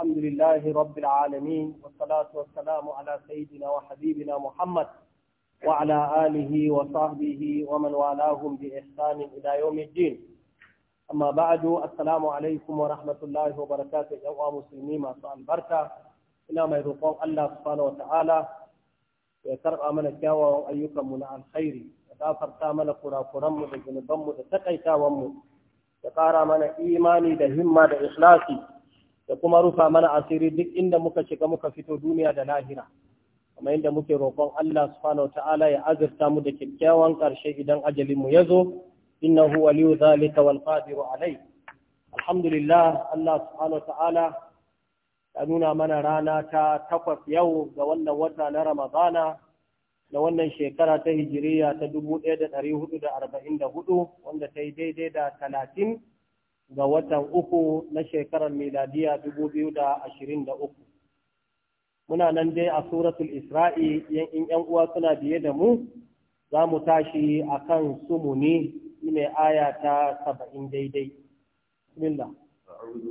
الحمد لله رب العالمين والصلاة والسلام على سيدنا وحبيبنا محمد وعلى آله وصحبه ومن والاهم بإحسان إلى يوم الدين أما بعد السلام عليكم ورحمة الله وبركاته يا مسلمين ما سأل بركة إلى ما يرقون الله سبحانه وتعالى ويترقى من الجاوة وأيكم من الخير وتافرتا من قرى قرم وذنبم وتقيتا وم وقارى من إيماني دهما دإخلاصي da kuma rufa mana asiri duk inda muka shiga muka fito duniya da lahira kamar inda muke roƙon Allah subhanahu ta'ala ya azurta mu da kyakkyawan ƙarshe idan ajalin mu yazo innahu waliyu zalika wal qadiru alai alhamdulillah Allah subhanahu ta'ala ya nuna mana rana ta takwas yau ga wannan wata na Ramadana na wannan shekara ta hijiriya ta 1444 wanda ta yi daidai da talatin ga watan uku na shekarar miladiya dubu biyu da da ashirin uku. Muna nan dai a suratul Isra'i in ‘yan uwa suna biye da mu, za mu tashi a kan sumuni ne aya ta saba'in daidai. Bismillah. أعوذ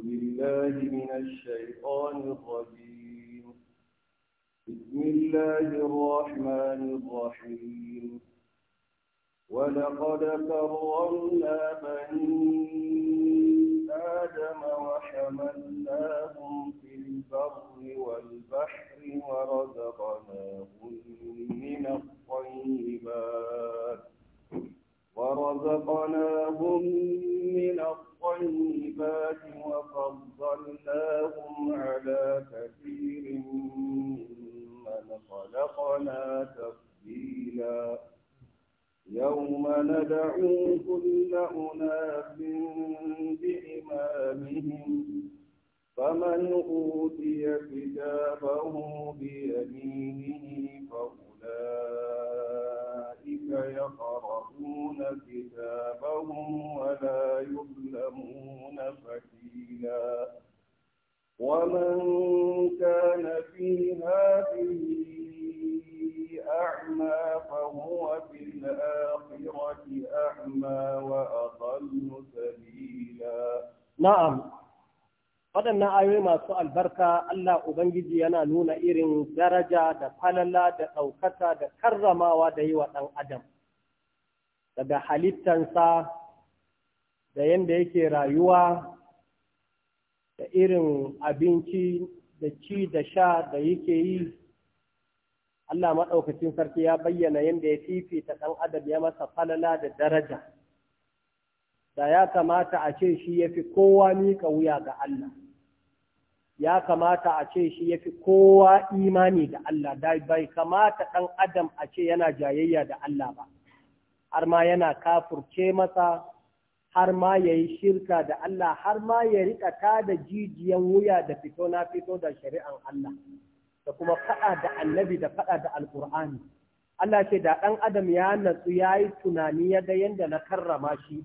بسم الله الرحمن الرحيم ولقد كرمنا بني آدم وحملناهم في البر والبحر ورزقناهم من الطيبات ورزقناهم من الطيبات وفضلناهم على كثير ممن خلقنا تفضيلا اليوم ندعو كل أناس بإمامهم فمن أوتي كتابه بيمينه فأولئك يقرؤون كتابهم ولا يظلمون فتيلا ومن كان في هذه أعمى فهو في الآخرة أعمى وأضل سبيلا نعم waɗannan ayoyi masu albarka Allah Ubangiji yana nuna irin daraja da falala da ɗaukata da karramawa da yi wa ɗan adam daga halittansa da yadda yake rayuwa da irin abinci da ci da sha da yake yi Allah maɗaukacin sarki ya bayyana yadda ya fifita ɗan adam ya masa falala da daraja da ya kamata a ce shi ya fi kowa mika wuya ga Allah ya kamata a ce shi ya fi kowa imani da Allah da bai kamata ɗan adam a ce yana jayayya da Allah ba har ma yana kafurce masa har ma ya yi shirka da Allah har ma ya riƙa ta da jijiyan wuya da fito na fito da shari'an Allah. da kuma faɗa da annabi da faɗa da alƙur'ani Allah ce da ɗan adam ya natsu ya yi tunani ya ga yadda na karrama shi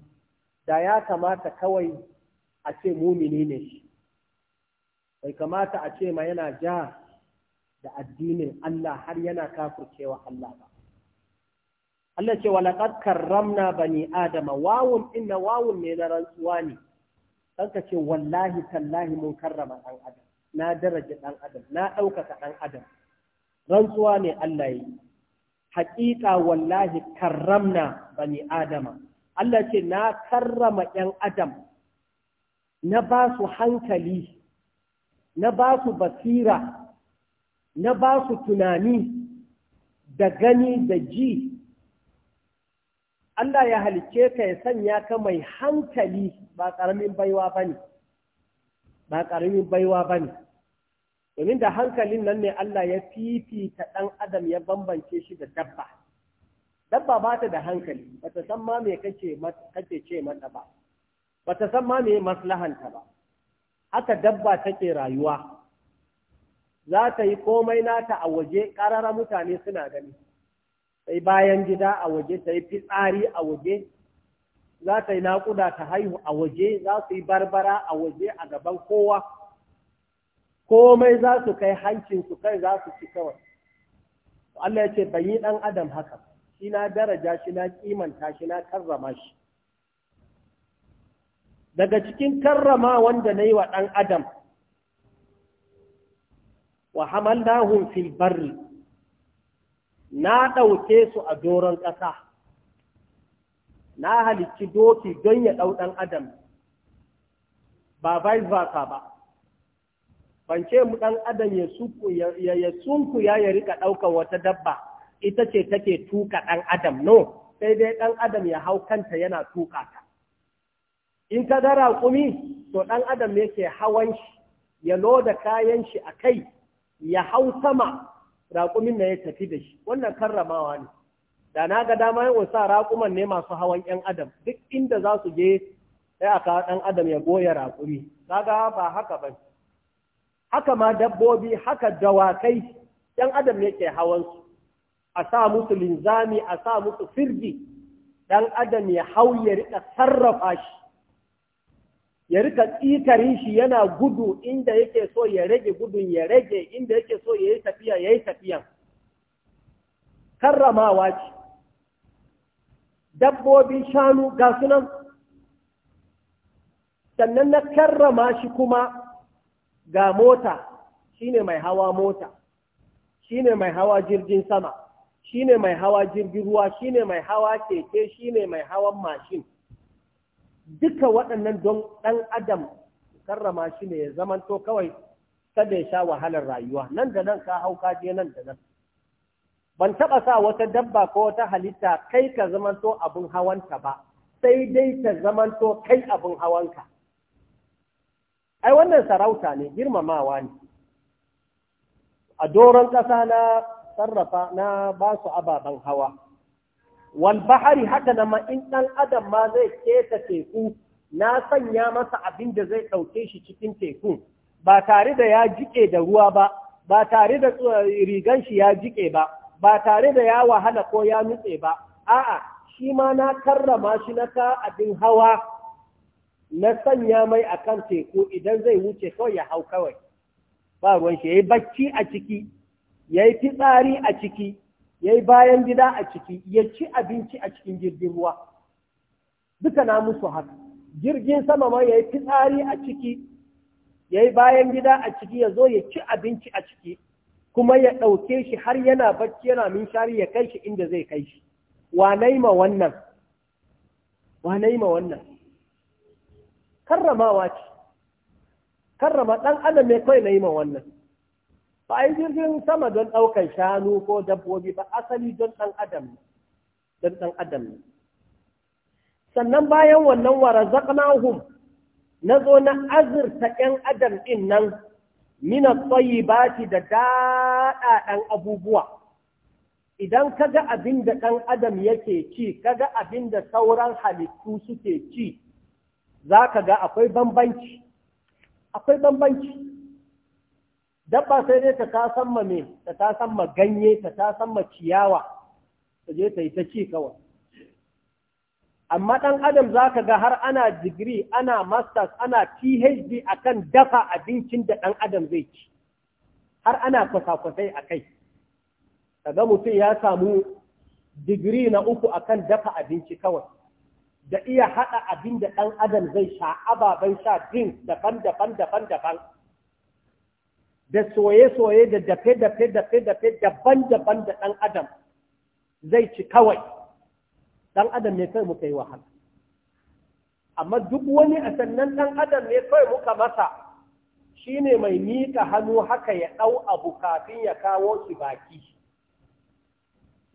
da ya kamata kawai a ce mumini ne shi bai kamata a ce ma yana ja da addinin Allah har yana kafurcewa Allah ba Allah ce walaƙar karramna bani adama wawun inna wawun ne na rantsuwa ne ɗanka ce wallahi tallahi mun karrama ɗan adam na daraja ɗan adam na ɗaukaka ɗan adam rantsuwa ne Allah yi haƙiƙa wallahi karramna bani adama Allah ce na karrama ‘yan adam na ba su hankali na ba su basira na ba su tunani da gani da ji Allah ya halicce ka ya sanya ka mai hankali ba ƙaramin baiwa ba ne. ba ƙaramin baiwa ba ne domin da hankalin nan ne Allah ya fifita ɗan adam ya bambance shi da dabba dabba ba ta da hankali ba ta san ma me kake ce mata ba ba ta san ma me maslahanta ba haka dabba take rayuwa za ta yi komai nata a waje ƙararra mutane suna gani sai bayan gida a waje ta yi fitsari a waje za ta yi naƙuda ta haihu a waje za su yi barbara a waje a gaban kowa komai za su kai hancin su kai za su ci kawai Allah ya ce ban yi ɗan adam haka shi na daraja shi na kimanta shi na karrama shi daga cikin karrama wanda na yi wa ɗan adam wa hamalnahum fil barri na ɗauke su a doron ƙasa na halicci doki don ya ɗau ɗan adam ba vice versa ba ban ce mu ɗan adam ya sunkuya ya rika ɗaukan wata dabba ita ce take tuka ɗan adam no sai dai ɗan adam ya hau kanta yana tuka ta in ta da raƙumi to ɗan adam yake ke hawan shi ya loda kayan shi a kai ya hau sama raƙumin na ya tafi da shi wannan karramawa ne da na ga dama yin sa raƙuman ne masu hawan ‘yan adam duk inda za su je sai a kawo ɗan adam ya goya raƙumi kaga ba haka ba haka ma dabbobi haka dawakai ‘yan adam ne ke su? a sa musu linzami a sa musu firgi ɗan adam ya hau ya riƙa sarrafa shi ya rika tsikarin shi yana gudu inda yake so ya rage gudun ya rage inda yake so ya yi tafiya ya yi tafiyan karramawa ce dabbobin shanu ga sunan sannan na karrama shi kuma ga mota shine mai hawa mota shine mai hawa jirgin sama shine mai hawa jirgin ruwa shine mai hawa keke shine mai hawan mashin duka waɗannan don ɗan adam karrama shi ne ya zamanto kawai kada ya sha wahalar rayuwa nan da nan ka hau kaje je nan da nan ban taɓa sa wata dabba ko wata halitta kai ka zamanto abin hawanta ba sai dai ta zamanto kai abin hawanka ai wannan sarauta ne girmamawa ne a doron ƙasa na sarrafa na ba su ababen hawa wal bahari haka na ma in ɗan adam ma zai keta teku na sanya masa abin da zai ɗauke shi cikin teku ba tare da ya jike da ruwa ba ba tare da eh, rigan shi ya jike ba ba tare da ya wahala ko ya nutse ba a'a shi ma na karrama shi na ka abin hawa na sanya mai akan teku idan zai wuce kawai ya hau kawai ba ruwan shi yayi bacci a ciki yayi fitsari a ciki yayi bayan gida a ciki ya ci abinci a cikin jirgin ruwa duka na musu haka jirgin sama ma yayi fitsari a ciki yayi bayan gida a ciki ya zo ya ci abinci a ciki kuma ya ɗauke shi har yana bacci yana minshari ya kai shi inda zai kai shi wanai ma wannan ma wannan karramawa ce karrama ɗan adam ya kai na yi ma wannan ba a yi jirgin sama don ɗaukar shanu ko dabbobi ba asali don ɗan adam don ɗan adam ne sannan bayan wannan wara na zo na azurta 'yan adam ɗin nan min ba tayyibati da daɗaɗan abubuwa idan kaga abin da ɗan adam yake ci kaga abin da sauran halittu suke ci za ka ga akwai bambanci akwai bambanci dabba sai dai ta tasan ma me ta tasan ganye ta tasan ciyawa ta je ta yi ta ci kawai amma ɗan adam za ka ga har ana digiri ana masters ana phd akan dafa abincin da ɗan adam zai ci har ana kwasa-kwasai a kai kaga mutum ya samu digiri na uku akan dafa abinci kawai da iya haɗa abin da ɗan adam zai sha ababen sha drinks daban-daban daban-daban da soye-soye da dafe-dafe dafe-dafe daban-daban da ɗan adam zai ci kawai dan adam ne kai muka yi wahala amma duk wani a sannan dan adam ne kai muka masa shine mai mika hannu haka ya dau abu kafin ya kawo shi baki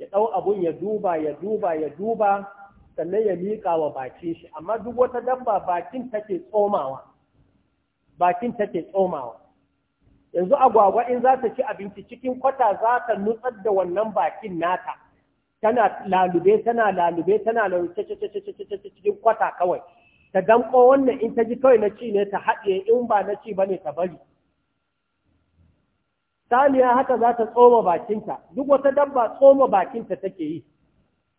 ya dau abun ya duba ya duba ya duba sannan ya miƙa wa bakin shi amma duk wata dabba bakin take tsomawa bakin take tsomawa yanzu agwagwa in za ta ci abinci cikin kwata za ta nutsar da wannan bakin nata tana lalube tana lalube tana lalube cikin kwata kawai ta damko wannan in ta ji kawai na ci ne ta haɗe in ba na ci ba ne ta bari saniya haka za ta tsoma bakinta duk wata dabba tsoma bakinta take yi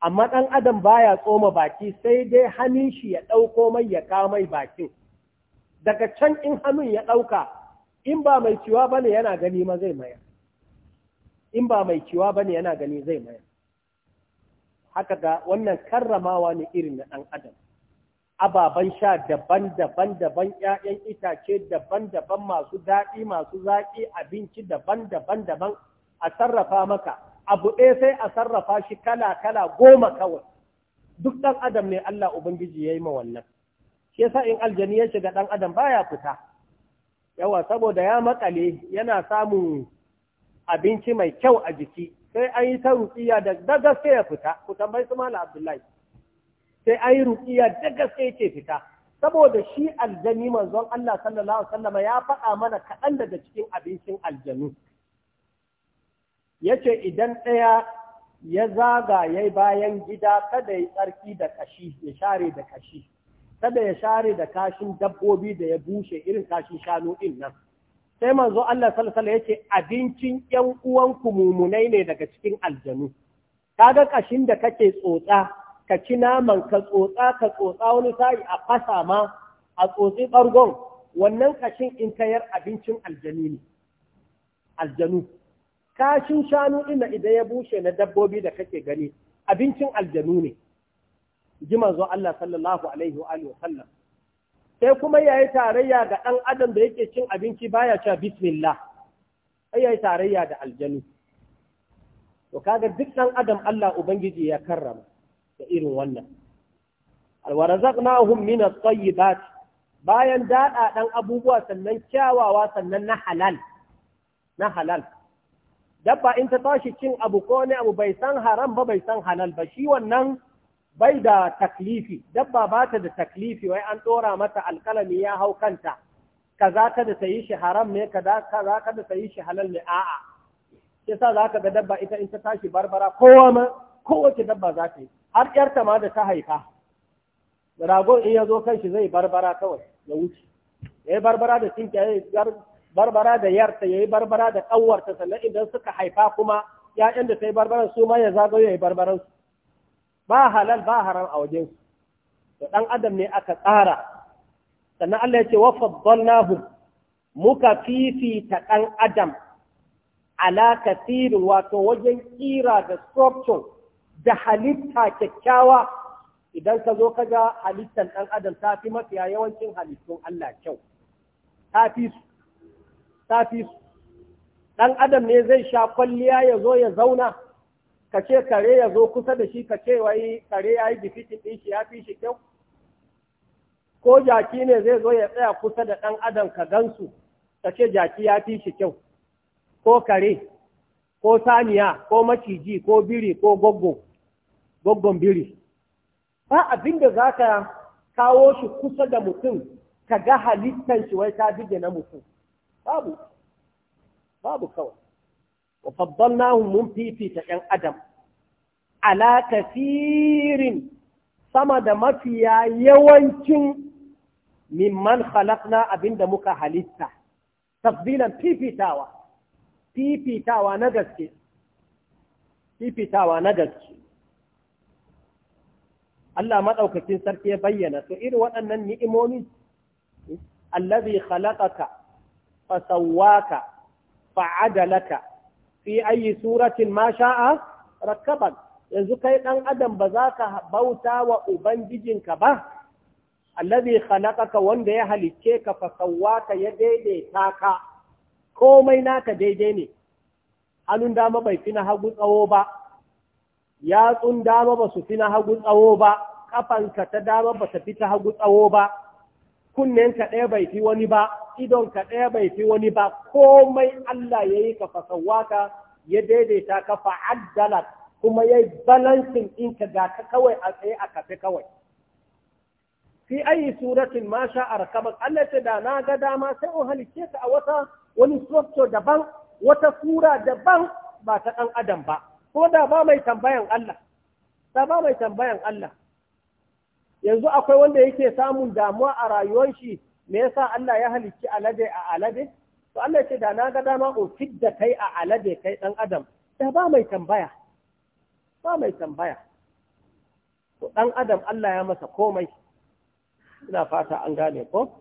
amma ɗan adam baya tsoma baki sai dai hannun shi ya ɗauko mai ya kamai bakin daga can in hannun ya ɗauka in ba mai ciwa bane yana gani ma zai maya ba mai ciwa bane gani zai mayar aka ga wannan karramawa ne irin na ɗan adam ababen sha daban-daban daban ‘ya'yan itace daban-daban masu daɗi masu zaƙi abinci daban-daban daban a sarrafa maka abu ɗaya sai a sarrafa shi kala-kala goma kawai duk ɗan adam ne Allah Ubangiji ya yi ma wannan shi yasa in aljani ya shiga ɗan adam baya fita yawa saboda ya makale yana samun abinci mai kyau a jiki sai an yi ta ruƙiya da gaske ya fita ku tambayi su mala abdullahi sai an yi ruƙiya da gaske ce fita saboda shi aljani manzon Allah sallallahu alaihi wasallam ya faɗa mana kaɗan daga cikin abincin aljanu ce idan ɗaya ya zaga ya yi bayan gida kada ya tsarki da kashi ya share da kashi kada ya share da kashin dabbobi da ya bushe irin kashin shanu ɗin nan sai manzo Allah sallallahu alaihi yace abincin ƴan uwanku mumunai ne daga cikin aljanu kaga kashin da kake tsotsa ka ci naman ka tsotsa ka tsotsa wani sai a fasa ma a tsotsi bargon wannan kashin in kayar abincin aljanu ne aljanu kashin shanu ina idan ya bushe na dabbobi da kake gani abincin aljanu ne ji manzo Allah sallallahu alaihi wa sallam sai kuma yayi tarayya ga ɗan adam da yake cin abinci baya cewa bismillah sai yayi tarayya da aljanu to kaga duk ɗan adam Allah ubangiji ya karrama da irin wannan alwarazaqnahum min at-tayyibat bayan daɗa ɗan abubuwa sannan kyawawa sannan na halal na halal dabba in ta tashi cin abu ko ne abu bai san haram ba bai san halal ba shi wannan bai da taklifi dabba ba ta da taklifi wai an ɗora mata alƙalami ya hau kanta kaza ka da sayi shi haram ne kaza kaza ka da sayi shi halal ne a'a yasa za ka ga dabba ita in ta tashi barbara kowa ma kowace dabba za ta yi har yarta ma da ta haifa ragon in ya zo kan shi zai barbara kawai ya wuce ya yi barbara da tinka ya yi barbara da yarta ya yi barbara da ƙanwarta sannan idan suka haifa kuma ‘ya'yan da ta yi barbaran su ma ya zagayo ya yi barbaransu ba halal ba haram a wajen su da ɗan adam ne aka tsara sannan Allah ya ce wa faddalnahum muka fifita ɗan adam ala kasirin wato wajen kira da structure da halitta kyakkyawa idan ka zo ka ga halittar ɗan adam ta fi mafiya yawancin halittun Allah kyau ta fi su ta fi su ɗan adam ne zai sha kwalliya ya zo ya zauna ka ce kare ya zo kusa da shi ka ce wai kare ya yi bifitin ɗin shi ya fi shi kyau ko jaki ne zai zo ya tsaya kusa da ɗan adam ka gansu ka ce jaki ya fi shi kyau ko kare ko saniya ko maciji ko biri ko goggo goggon biri ba abin da za ka kawo shi kusa da mutum ka ga halittan shi wai ta bige na mutum babu babu kawai wa faddalnahum mun fifita ɗan adam ala kasirin sama da mafiya yawancin mimman khalaqna abinda muka halitta tafdilan fifitawa fifitawa na gaske Allah maɗaukakin sarki ya bayyana to irin waɗannan ni'imomi allazi khalaqaka fasawwaka fa'adalaka fi ayi suratin ma sha'a rakabak yanzu kai dan adam ba za ka bauta wa ubangijinka ba allazi khalaqaka wanda ya halicce ka fa sawwaka ya daidaita ka komai naka daidai ne hannun dama bai fi na hagu tsawo ba yatsun dama ba su fi na hagu tsawo ba kafanka ta dama ba ta fi ta hagu tsawo ba kunnen ka ɗaya bai fi wani ba idon ka ɗaya bai fi wani ba komai Allah ya yi ka fasawaka ya daidaita ka fa'addala kuma ya yi balansin ka ga ka kawai a tsaye a kafe kawai fi ayi suratin ma sha arkamak Allah ce da na ga dama sai in halice ka a wata wani sosto daban wata sura daban ba ta ɗan adam ba ko da da ba mai tambayan Allah yanzu akwai wanda yake samun damuwa a rayuwar shi me yasa Allah ya halicci alade a alade to Allah ce da na ga dama in fidda kai a alade kai dan adam da ba mai tambaya ba mai tambaya to dan adam Allah ya masa komai ina fata an gane ko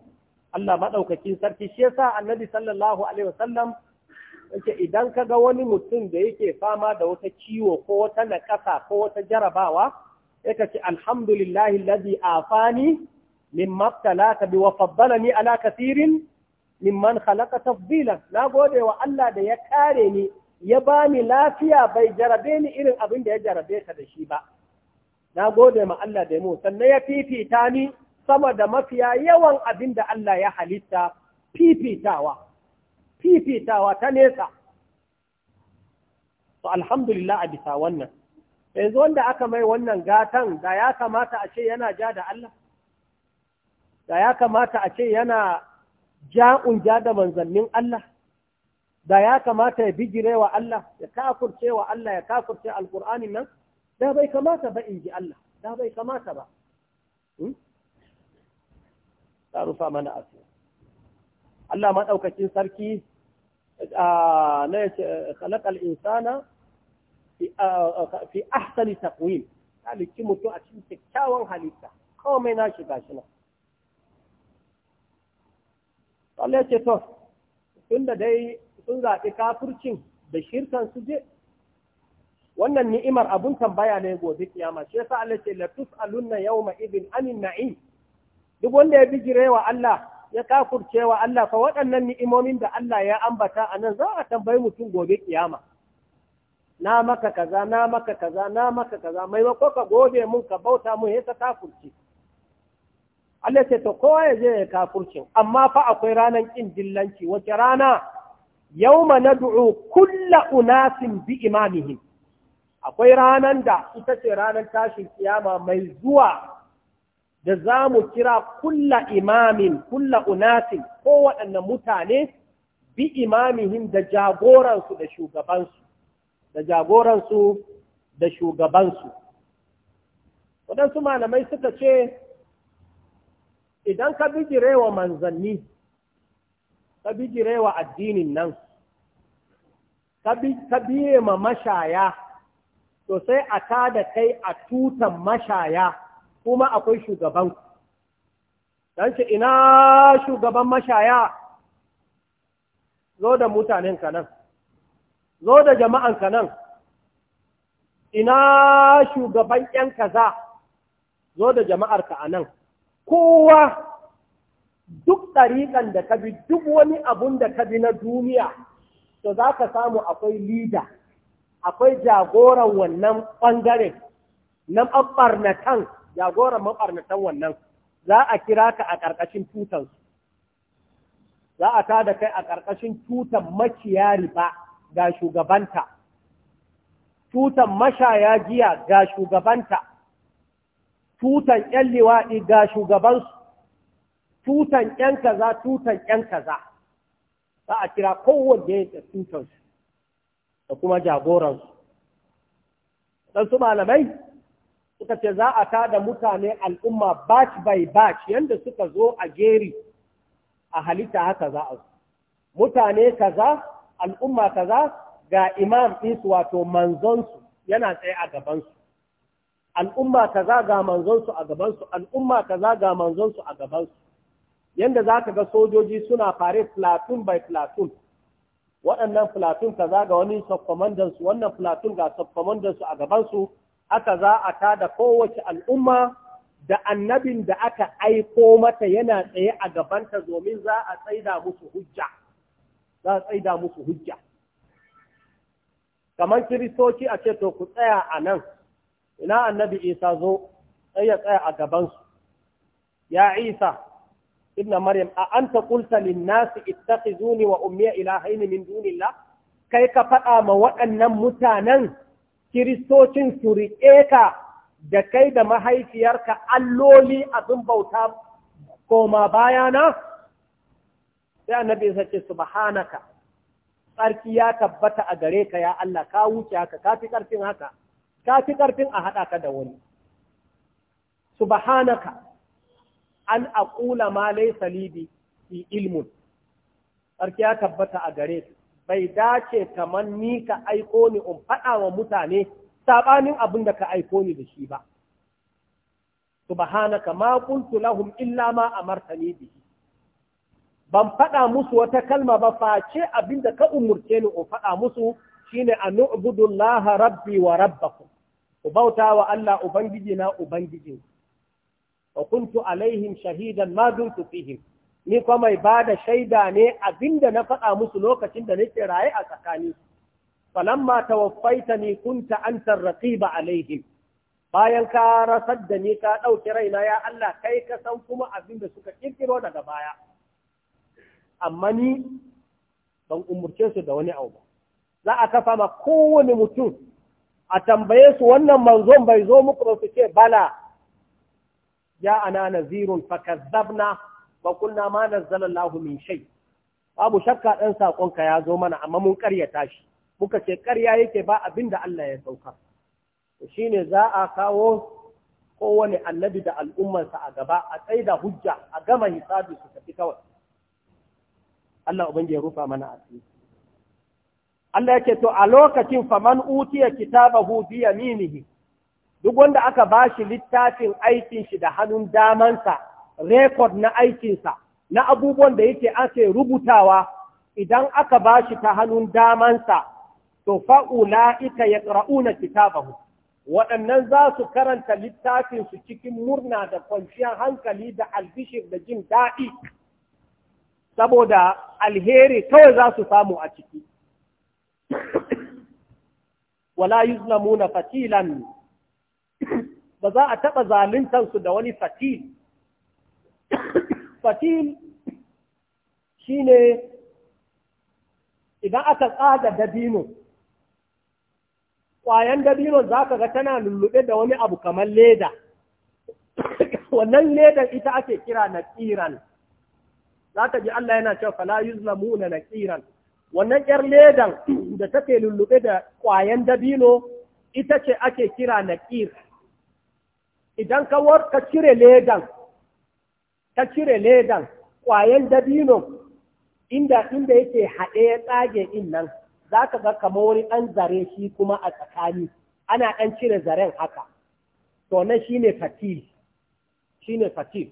Allah madaukakin sarki shi yasa Annabi sallallahu alaihi wasallam yake idan ka ga wani mutum da yake fama da wata ciwo ko wata nakasa ko wata jarabawa sai ka ce alhamdulillahi lazi afani min talaka bi wa ni ala kathirin man khalaqa tafdila na gode wa Allah da ya kare ni ya bani lafiya bai jarabe ni irin abin da ya jarabe ka da shi ba na gode ma Allah da mu sannan ya fifita ni sama da mafiya yawan abin da Allah ya halitta fifitawa fifitawa ta nesa to alhamdulillah a bisa wannan yanzu wanda aka mai wannan gatan da ya kamata a ce yana ja da Allah da ya kamata a ce yana ja'un ja da manzannin Allah da ya kamata ya bigire wa Allah ya kafurce wa Allah ya kafurce Alkur'ani nan da bai kamata ba in ji Allah da bai kamata ba ta hmm? rufa mana asu. Allah maɗaukakin sarki na ya ce insana fi ahsani taqwim halicci mutum a cikin kyakkyawan halitta mai na shiga shi nan Allah ce to tun da dai sun zaɓi kafircin da shirkan su je wannan ni'imar abun tambaya ne gobe kiyama shi yasa Allah ce la tus'alunna yawma idhin anin na'im duk wanda ya bijire wa Allah ya kafurcewa Allah fa waɗannan ni'imomin da Allah ya ambata a nan za a tambayi mutum gobe kiyama na maka kaza na maka kaza na maka kaza maimako ka gode mun ka bauta mun yasa kafurci Allah ce to kowa ya je ya kafurcin amma fa akwai ranan kin dillanci wace rana yawma nad'u kulla unasin bi imamihim akwai ranan da ita ce ranan tashin kiyama mai zuwa da za mu kira kulla imamin kulla unasin ko waɗannan mutane bi imamihin da jagoransu da shugabansu da jagoransu da shugabansu waɗansu malamai suka ce idan ka bijire wa manzanni ka bijire wa addinin nan ka biye ma mashaya to sai a da kai a tutan mashaya kuma akwai shugaban don ina shugaban mashaya zo da mutanen ka nan zo da jama'anka nan ina shugaban ‘yan kaza zo da jama'arka a nan kowa duk ɗariƙan da ka bi duk wani abun da ka bi na duniya to za ka samu akwai lida akwai jagoran wannan ɓangare na maɓarnatan jagoran maɓarnatan wannan za a kira ka a ƙarƙashin tutansu za a tada kai a ƙarƙashin tutan maciya riba ga shugabanta, tutan mashaya jiya ga shugabanta, tutan ‘yan liwaɗi ga shugabansu, tutan ‘yan kaza, tutan ‘yan kaza, za a kira kowanne da tutansu da kuma jagoransu. su malamai suka ce za a tada mutane al'umma batch by batch yadda suka zo a geri a halitta haka za a mutane kaza al'umma kaza ga imam ɗinsu wato manzonsu yana tsaye a gabansu al'umma kaza ga manzonsu a gabansu al'umma kaza ga manzonsu a gabansu yanda za ka ga sojoji suna fare platoon by platoon waɗannan platoon kaza ga wani subcommandansu wannan platoon ga subcommandansu a gabansu haka za a tada kowace al'umma da annabin da aka aiko mata yana tsaye a gabanta domin za a tsaida musu hujja. za a tsaida musu hujja kamar kiristoci a ce to ku tsaya a nan ina annabi isa zo sai ya tsaya a gabansu ya isa ibn maryam a an anta nasu ita nasi zuni wa ummiya ilahaini min dunillah kai ka faɗa ma waɗannan mutanen kiristocin su riƙe ka da kai da mahaifiyarka alloli abin bauta koma bayana sai annabi ya sace subhanaka tsarki ya tabbata a gare ka ya Allah ka wuce haka ka fi karfin haka ka fi karfin a haɗa ka da wani subhanaka an aqula ma laysa li bi ilmun tsarki ya tabbata a gare ka bai dace kamar ni ka aiko ni in faɗa wa mutane sabanin abin da ka aiko ni da shi ba subhanaka ma qultu lahum illa ma amartani bihi ban faɗa musu wata kalma ba face abin da ka umurce ni in faɗa musu shine a nu'budullaha rabbi wa rabbakum ku bauta wa Allah ubangiji na ubangiji wa kuntu alaihim shahidan ma dumtu fihim ni kuma mai da shaida ne abinda na faɗa musu lokacin da nake raye a tsakani falamma ni kunta antar raqiba alaihim bayan ka rasar da ni ka ɗauki raina ya Allah kai ka san kuma abinda suka kirkiro daga baya amma ni ban umurce su da wani abu ba za a kafa ma kowane mutum a tambaye su wannan manzon bai zo muku da su bala ya ana nazirun fakazzabna ba kunna ma nazzala Allahu min shay babu shakka dan sakon ka ya zo mana amma mun karyata shi muka ce karya yake ba abinda Allah ya sauka shine za a kawo kowane annabi da al'ummarsa a gaba a tsaida hujja a gama hisabi su tafi kawai Allah ubangi ya rufa mana asiri Allah yake to a lokacin faman utiya kitabahu bi yaminihi duk wanda aka bashi littafin aikin shi da hannun damansa record na aikinsa na abubuwan da yake ake rubutawa idan aka bashi ta hannun damansa to ra'u yaqra'una kitabahu waɗannan za su karanta littafinsu cikin murna da kwanciyar hankali da albishir da jin daɗi saboda alheri kawai za su samu a ciki wala yuzlamuna fatilan ba za a taɓa zaluntansu da wani fatil fatil ne idan aka tsada dabino ƙwayan dabino za ka ga tana lullube da wani abu kamar leda wannan ledan ita ake kira na tsiran zaka ji Allah yana cewa fala yuzlamuna naqiran wannan yar ledan da take lullube da kwayan dabino ita ce ake kira naqir idan ka war ka cire ledan ka cire ledan kwayan dabino inda inda yake haɗe ya tsage in nan za ka ga kamar wani ɗan zare shi kuma a tsakani ana ɗan cire zaren haka to nan shine fatil shine fatil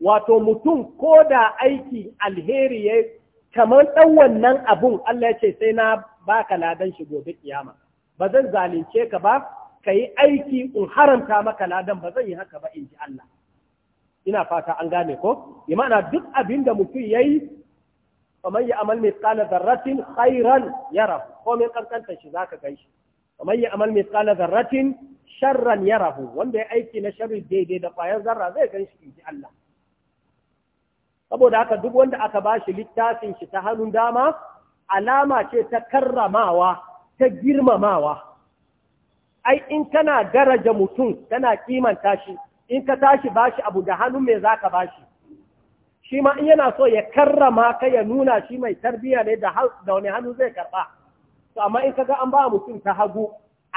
wato mutum ko da aiki alheri ya kamar ɗan wannan abun Allah ya ce sai na baka ladan shi gobe kiyama ba zan zalunce ka ba ka yi aiki in haramta maka ladan ba zan yi haka ba in ji Allah ina fata an gane ko Imana duk abin da mutum yayi kamar ya amal mithqala dharratin khairan yara ko mai kankanta shi zaka ganshi kamar ya amal mithqala dharratin sharran yarahu wanda ya aiki na sharri daidai da kwayar zarra zai ganshi in ji Allah saboda haka duk wanda aka ba shi littafin shi ta hannun dama alama ce ta karramawa ta girmamawa ai in kana daraja mutum kana kimanta shi in ka tashi ba shi abu da hannun me ka ba shi Shi ma in yana so ya karrama ka ya nuna shi mai tarbiyya ne da wani hannu zai karɓa? to amma in ka ga an ba mutum ta hagu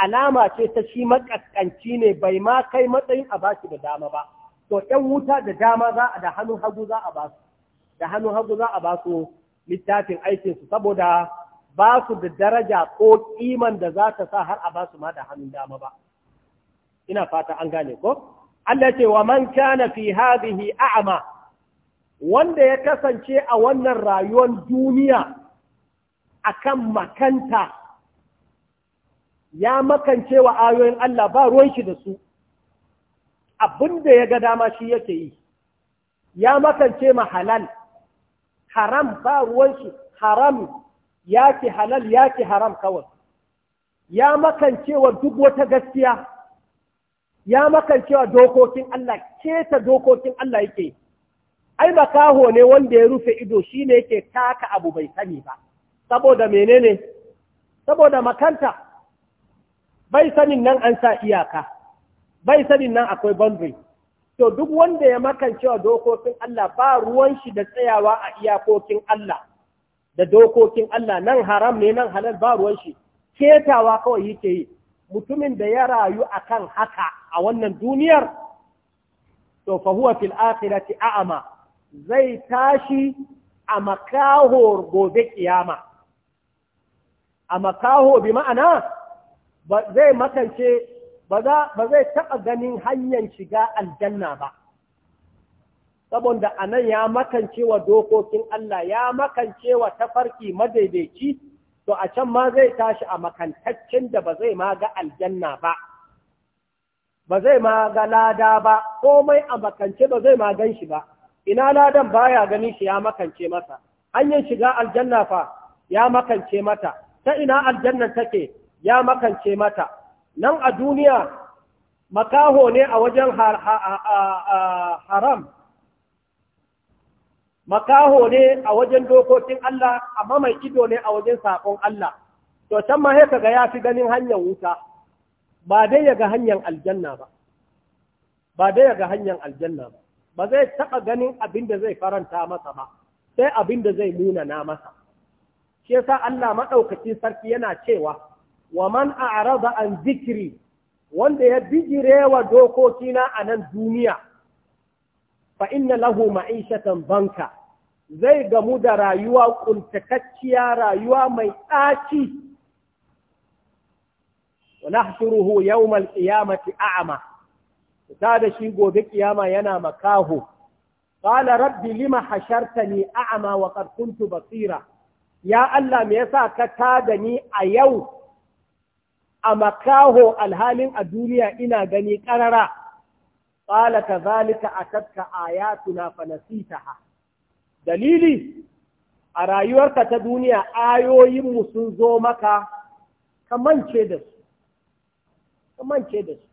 alama ce ta shi makaskanci ne bai ma kai matsayin a ba shi da dama ba to ɗan wuta da dama za a da hannun hagu za a ba su da hannun hagu za a ba su littafin aikinsu saboda ba su da daraja ko kiman da za ta sa har a ba su ma da hannun dama ba ina fata an gane ko Allah ce wa man kana fi hadhihi a'ma wanda ya kasance a wannan rayuwar duniya akan makanta ya makance wa ayoyin Allah ba ruwan shi da su abinda ya ga dama shi yake yi ya makance ma halal haram ba ruwan shi haram ya ke halal ya ke haram kawai ya makancewa duk wata gaskiya ya makancewa dokokin Allah keta dokokin Allah yake ai makaho ne wanda ya rufe ido shine yake taka abu bai sani ba saboda menene saboda makanta bai sanin nan an sa iyaka bai sanin nan akwai boundary to duk wanda ya makance wa dokokin Allah ba ruwan shi da tsayawa a iyakokin Allah da dokokin Allah nan haram ne nan halal ba ruwan shi ketawa kawai yake yi mutumin da ya rayu a kan haka a wannan duniyar to fa huwa fil zai tashi a makaho gobe kiyama a makaho bi ma'ana zai makance ba zai taɓa ganin hanyar shiga aljanna ba saboda a nan ya makancewa dokokin Allah ya makancewa wa tafarki madaidaici to a can ma zai tashi a makantaccen da ba zai ma ga aljanna ba ba zai ma ga lada ba komai a makance ba zai ma gan shi ba ina ladan baya ganin shi ya makance masa hanyar shiga aljanna fa ya makance mata ta ina aljannan take ya makance mata nan a duniya makaho ne a wajen haram makaho ne a wajen dokokin Allah amma mai ido ne a wajen saƙon Allah to can ma haka ga ya fi ganin hanyar wuta ba dai ya ga hanyar aljanna ba ba dai ya ga hanyar aljanna ba ba zai taɓa ganin abin da zai faranta masa ba sai abin da zai munana masa shi yasa Allah maɗaukacin sarki yana cewa wa man a'rada an zikri wanda ya wa dokokina a nan duniya fa inna lahu ma'ishatan banka zai gamu da rayuwa kuntakacciya rayuwa mai ɗaci wa nahshuruhu yawmal qiyamati a'ma ta da shi gobe kiyama yana makaho qala rabbi lima hashartani a'ma wa qad kuntu basira ya Allah me yasa ka tada ni a yau a makaho alhalin a duniya ina gani ƙarara ƙala ta zalika a tatka ayatuna ha. dalili a rayuwarka ta duniya ayoyinmu sun zo maka ka mance da su ka da su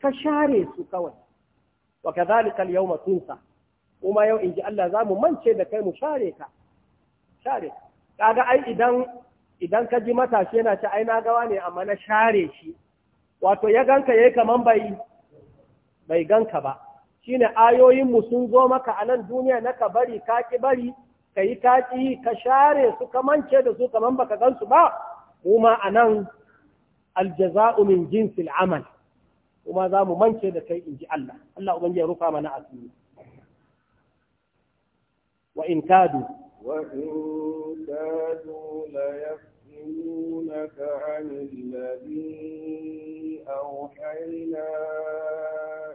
ka share su kawai wa ka zalika yau matunsa, kuma yau in ji Allah za mu mance da kai mu share ka share Ka kaga ai idan idan ka ji matashi yana ci aina gawa ne amma na share shi wato ya ganka yayi kaman bai bai ganka ba shine ayoyin mu sun zo maka a nan duniya na ka bari ka ƙi bari ka yi ka ka share su ka mance da su kaman baka gansu ba kuma a nan aljaza'u min jinsil amal kuma za mu mance da kai ji Allah Allah ubangiji ya rufa mana asiri wa in kadu وإن كادوا ليفتنونك عن الذي أوحينا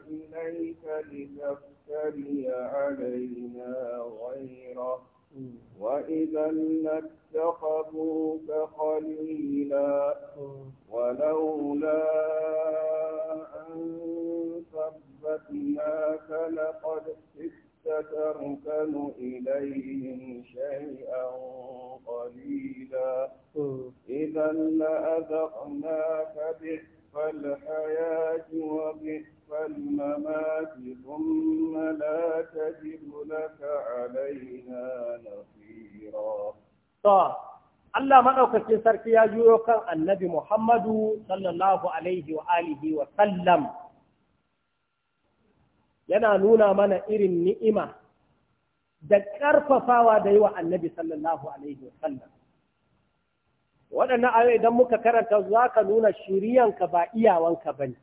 إليك لتفتري علينا غيره وإذا لاتخذوك خليلا ولولا أن ثبتناك لقد فتناك تتركن إليهم شيئا قليلا إذا لأذقناك بئس الحياة وبئس الممات ثم لا تجد لك علينا نصيرا طه الله ما أوكسين سركي يا جوكا النبي محمد صلى الله عليه وآله وسلم yana nuna mana irin ni'ima da ƙarfafawa da yi wa annabi sallallahu alaihi wasallam waɗannan ayo idan muka karanta za ka nuna shiriyanka ba iyawanka ba ne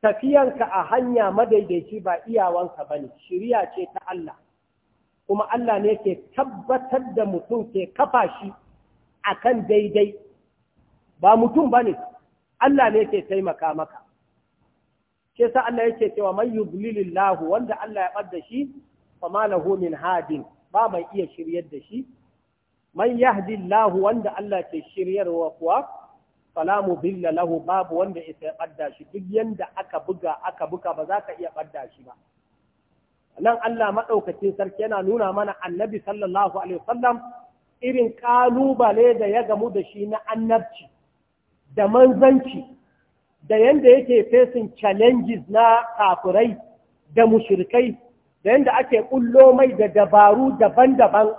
tafiyanka a hanya madaidaici ba iyawanka ba ne shiriya ce ta Allah kuma Allah ne ke tabbatar da mutum ke kafa shi a kan daidai ba mutum ba ne Allah ne ke taimaka maka shi sa Allah yake cewa man yudlilillahu wanda Allah ya bar da shi fa ma lahu min hadin ba mai iya shiryar da shi man yahdillahu wanda Allah ke shiryarwa kuwa fala mudilla lahu babu wanda isa ya bar shi duk yanda aka buga aka buga ba za ka iya bar shi ba nan Allah maɗaukacin sarki yana nuna mana annabi sallallahu alaihi wasallam irin ƙalubale da ya gamu da shi na annabci da manzanci da yanda yake fesin challenges na kafirai da mushirkai da yanda ake kullo mai da dabaru daban-daban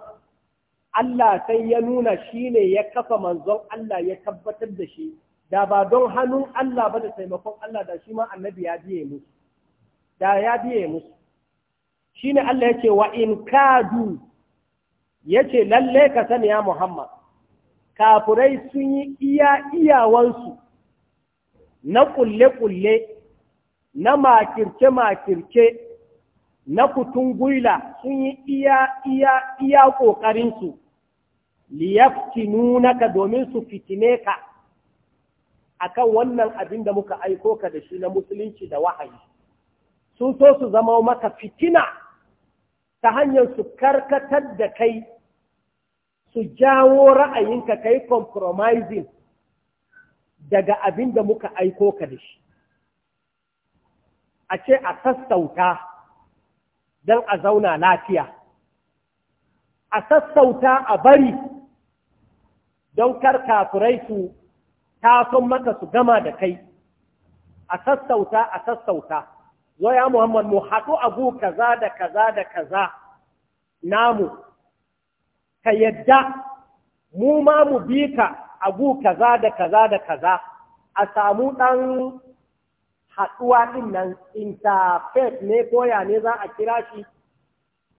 Allah sai ya nuna shi ne ya kafa manzon Allah ya tabbatar da shi da ba don hannun Allah ba da taimakon Allah da shi ma annabi ya biye musu da ya biye musu shi ne Allah ya ce wa in kadu ya ce lalle ka sani ya Muhammad kafurai sun yi iya iyawansu na kulle-kulle na makirce-makirce na kutun guila sun yi iya iya iya ƙoƙarinsu liyaftinunaka domin su fitine ka akan wannan abin da muka aiko ka da shi na musulunci da wahayi sun so su zama maka fitina ta hanyar su karkatar da kai su jawo ra'ayinka kai compromising daga abin da muka aiko ka da shi. A ce a sassauta don a zauna lafiya, a sassauta a bari don kar kafurai su tason maka su gama da kai, a sassauta a sassauta, zoya Muhammad mu haɗu abu kaza da kaza da kaza namu, ka yadda mu ma mu bi ka abu kaza da kaza da kaza a samu ɗan haɗuwa ɗin nan ne koya ne za a kira shi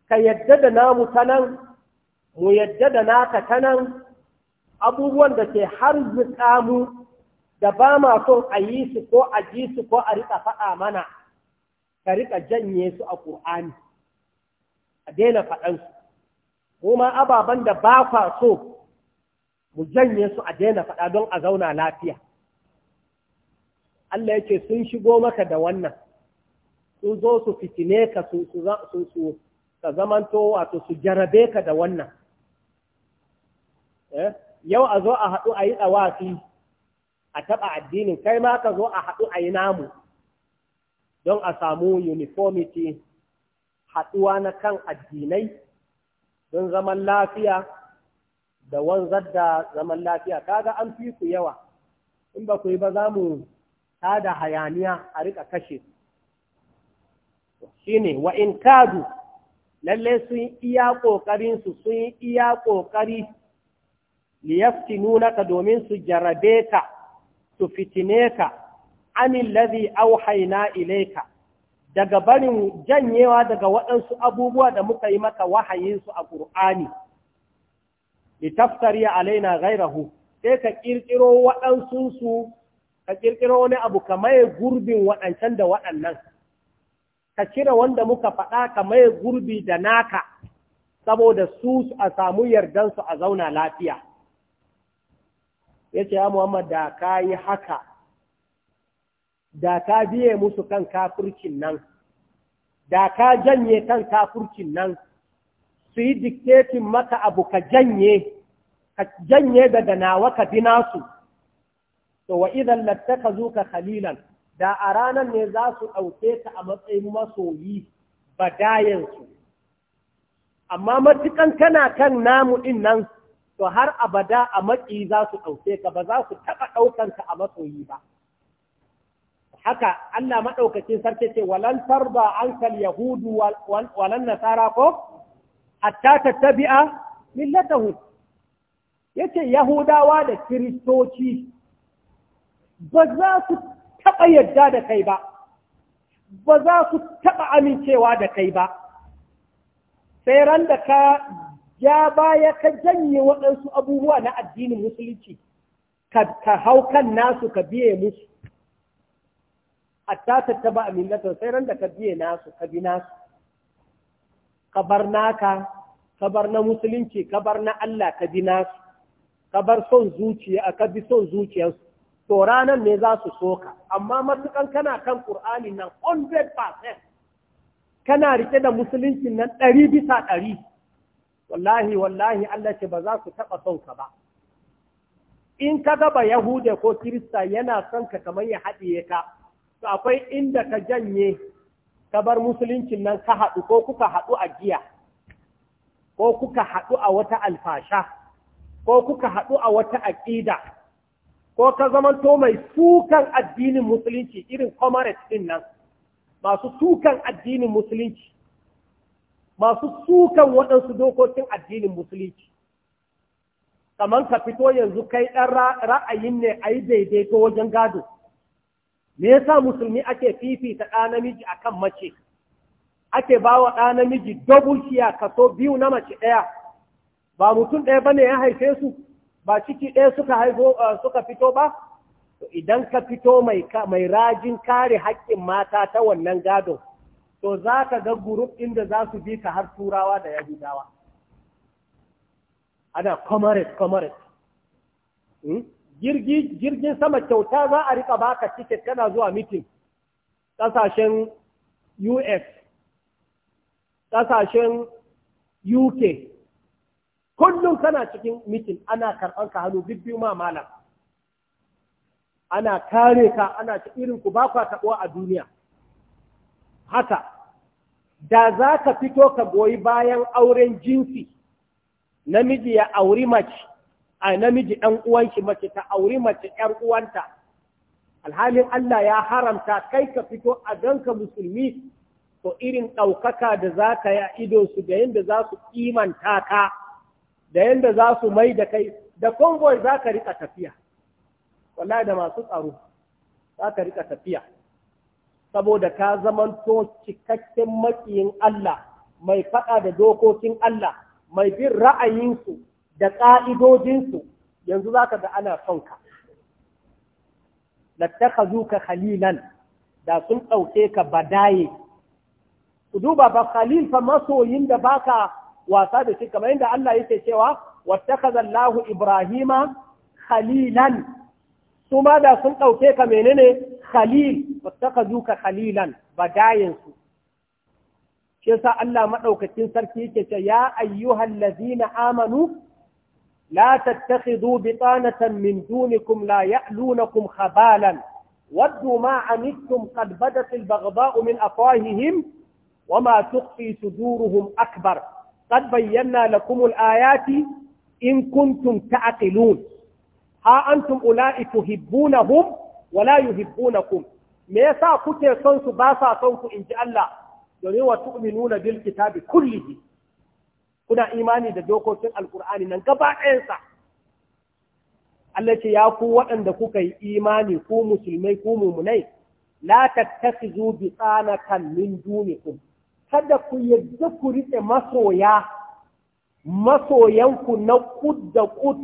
ka yadda da namu ta nan mu yadda da naka ta nan abubuwan da ke har mu da ba ma son a yi su ko a ji su ko a riƙa faɗa mana ka riƙa janye su a ƙur'ani a daina faɗansu kuma ababen da ba kwa so mu janye su a daina faɗa don a zauna lafiya Allah yake sun shigo maka da wannan sun zo su fitine ka su su ka zamanto wato su jarabe ka da wannan eh, yau a zo a haɗu a yi tsawafi a taɓa addinin kai ma ka zo a haɗu a yi namu don a samu uniformity haɗuwa na kan addinai don zaman lafiya da wanzar da zaman lafiya kaga an fi ku yawa in ba ku yi ba za mu tada hayaniya a rika kashe shine wa in kadu lalle sun iya ƙoƙarinsu su sun iya kokari ka domin su jarabe ka su fitine ka anil ladhi auhayna ka. daga barin janyewa daga waɗansu abubuwa da muka yi maka wahayinsu a Ƙur'ani. litaftari alaina ghairahu sai ka kirkiro waɗansu su ka kirkiro wani abu ka maye gurbin waɗancan da waɗannan ka cire wanda muka faɗa ka maye gurbi da naka saboda su a samu yardansu a zauna lafiya ya ce ya muhammad da ka yi haka da ka biye musu kan kafurkin nan da ka janye kan kafurkin nan su yi diktetin maka abu ka janye ka janye daga nawa ka bi nasu to wa idan lattaka zuka khalilan da a ranar ne za su ɗauke ka a matsayin masoyi badayensu amma matukan kana kan namu ɗin nan to har abada a maki za su ɗauke ka ba za su taɓa ɗaukanka a masoyi ba haka Allah maɗaukacin sarki ce walan tarba ankal yahudu walan nasara ko hatta tabi'a millatahu yace yahudawa da kiristoci ba za su taɓa yadda da kai ba ba za su taɓa amincewa da kai ba sai ran da ka ja baya ka janye waɗansu abubuwa na addinin musulunci ka hau kan nasu ka biye musu hatta tattaba aminatan sai ran da ka biye nasu ka bi nasu kabar naka kabar na musulunci kabar na Allah ka bi nasu kabar son zuciya a kabi son zuciyarsu to ranar ne za su soka amma matukan kana kan Kur'ani nan 100% kana rike da musulunci nan ɗari bisa ɗari wallahi wallahi Allah ce ba za su taɓa son ka ba in ka gaba Yahuda ko Kirista yana son ka kamar ya haɗiye ka to akwai inda ka janye ka bar musuluncin nan ka haɗu ko kuka haɗu a giya ko kuka haɗu a wata alfasha ko kuka haɗu a wata aƙida ko ka zamanto mai sukan addinin musulunci irin comrades ɗin nan masu sukan addinin musulunci masu sukan waɗansu dokokin addinin musulunci kamar ka fito yanzu kai ɗan ra'ayin ne a yi daidaito wajen gado me yasa musulmi ake fifita ɗa namiji akan mace ake ba wa ɗa namiji double kaso biyu na mace ɗaya ba mutum ɗaya bane ya haife su ba ciki ɗaya suka haifo eh, suka fito ba to idan ka fito mai mai rajin kare haƙƙin mata ta wannan gado to za ka ga gurup ɗin da za su bi ta har turawa da yahudawa ana comrade comrade hmm? jirgin sama kyauta za a rika baka tiket kana zuwa mitin ƙasashen US, ƙasashen UK, kullum kana cikin mitin ana karɓar ka hannu bibbiyu ma malam. Ana kare ka ana ci irin ku ba kwa taɓo a duniya. Haka, da za ka fito ka goyi bayan auren jinsi, namiji ya auri mace. a namiji ɗan uwanki mace ta auri mace ƴan uwanta, alhalin Allah ya haramta kai ka fito a ganka musulmi, to irin ɗaukaka da za ka yi a su, da yadda za su imanta ka, da yadda za su mai da kai, da konvoy za ka riƙa tafiya, wallahi da masu tsaro za ka riƙa tafiya, saboda ka zamanto cikakken maƙiyin Allah, mai faɗa da dokokin Allah, mai bin ra'ayinsu, da ƙa'idojinsu. yanzu za ka ga ana son ka. ta ka khalilan da sun ɗauke ka badaye. Ku duba ba khalil fa masoyin da baka wasa da shi kamar yadda Allah yake cewa ka zallahu Ibrahima khalilan su ma da sun ɗauke ka menene khalil wattakazu ka khalilan badayensu. Shi sa Allah maɗaukacin sarki yake ce ya lazi na amanu لا تتخذوا بطانة من دونكم لا يألونكم خبالا ودوا ما عنتم قد بدت البغضاء من أفواههم وما تخفي صدورهم أكبر قد بينا لكم الآيات إن كنتم تعقلون ها أنتم أولئك تحبونهم ولا يحبونكم ما يسا kuke son باسا ba إن son الله inji وتؤمنون بالكتاب كله kuna imani da dokokin alkur'ani nan gaba ɗayansa Allah ce ya ku waɗanda kuka yi imani ku musulmai ku mumunai la tattakhizu bi tsanatan min dunikum kada ku yadda ku riƙe masoya masoyanku na kud da kud